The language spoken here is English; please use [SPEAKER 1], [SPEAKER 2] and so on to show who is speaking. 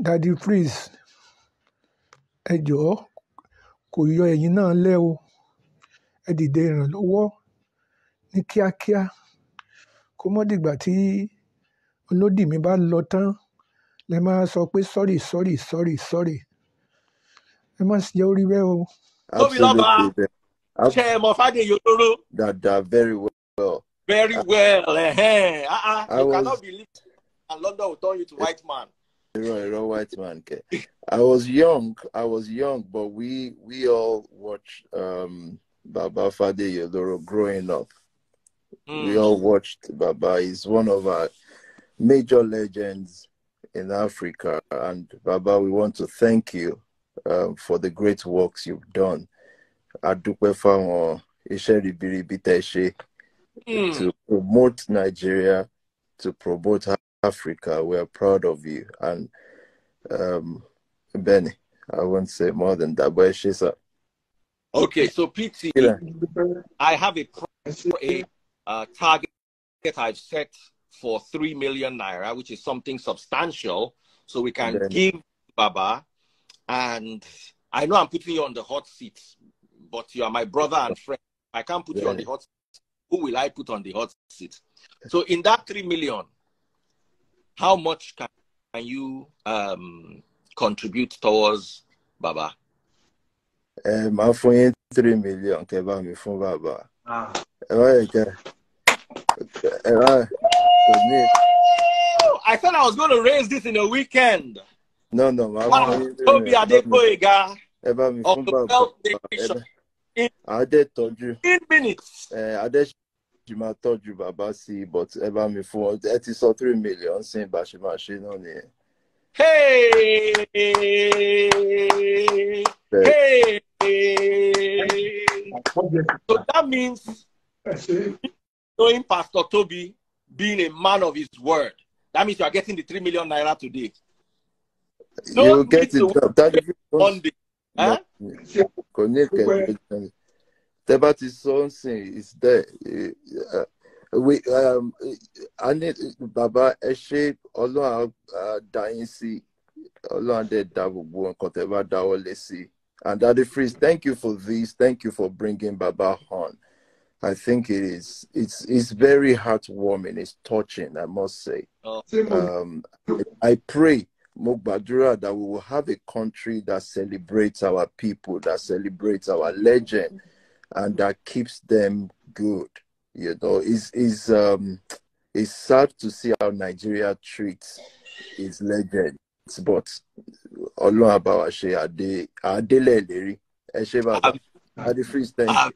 [SPEAKER 1] daddy freeze ẹ jọ̀ọ́ kò yọ ẹ̀yin náà lẹ́ o ẹ dìde ìrànlọ́wọ́ ní kíákíá kó mọ́ dìgbà tí olódì mi bá lọ tán lẹ máa sọ pé sorry sorry sorry sorry ẹ má sì jẹ́ orí bẹ́ẹ̀ o. tóbilọ́ba ṣe é mọ dada very well. very well. Uh Ah. Uh you cannot believe it. that London will turn you to white man.
[SPEAKER 2] Leroy, Leroy White man. I was young. I was young, but we we all watched um, Baba Fade Yodoro growing up. Mm. We hmm. all watched Baba. He's one of our major legends in Africa. And Baba, we want to thank you um, for the great works you've done. Adupe Famo, Isheri Biribiteshe, hmm. to promote Nigeria, to promote Africa. We are proud of you. And um, Benny, I won't say more than that, but she's a.
[SPEAKER 1] Okay, so PT, yeah. I have a, a uh, target I've set for 3 million naira, which is something substantial. So we can Benny. give Baba. And I know I'm putting you on the hot seat, but you are my brother and friend. I can't put Benny. you on the hot seat. Who will I put on the hot seat? So in that 3 million, how much can, can you um, contribute towards Baba?
[SPEAKER 2] ẹ eh, máa fún yín three Okay, kẹ́ bá mi fún bàbá Ah. Okay. Okay. kẹ́
[SPEAKER 1] I thought I was going to raise this in a weekend.
[SPEAKER 2] No, no, máa fún yín three million. Tobi Adekoyega
[SPEAKER 1] ẹ bá mi fún bàbá ẹ
[SPEAKER 2] bá In minutes. I eh, adé ṣe máa tọ́jú bàbá sí i but ẹ bá mi fún ọ ẹ ti sọ three million sí bá ṣe máa ṣe náà nìyẹn.
[SPEAKER 1] So that means knowing Pastor Toby being a man of his word. That means you are getting the three million naira today.
[SPEAKER 2] you get it. Monday. Huh? Tebat is something. It's there. we eh, eh, eh, um, I need Baba Eshe Ọlọ́run Uh, sí Ọlọ́run dẹ̀ dá gbogbo nǹkan tẹ́ bá dáwọ́ lé And Daddy Freeze, thank you for this. Thank you for bringing Baba Horn. I think it is. It's it's very heartwarming. It's touching, I must say.
[SPEAKER 1] Um,
[SPEAKER 2] I pray Mogbadura that we will have a country that celebrates our people, that celebrates our legend, and that keeps them good. You know, is is um, it's sad to see how Nigeria treats its legends, but Olorun Abawase Ade Adelele Esheba um, Ade Freeze, thank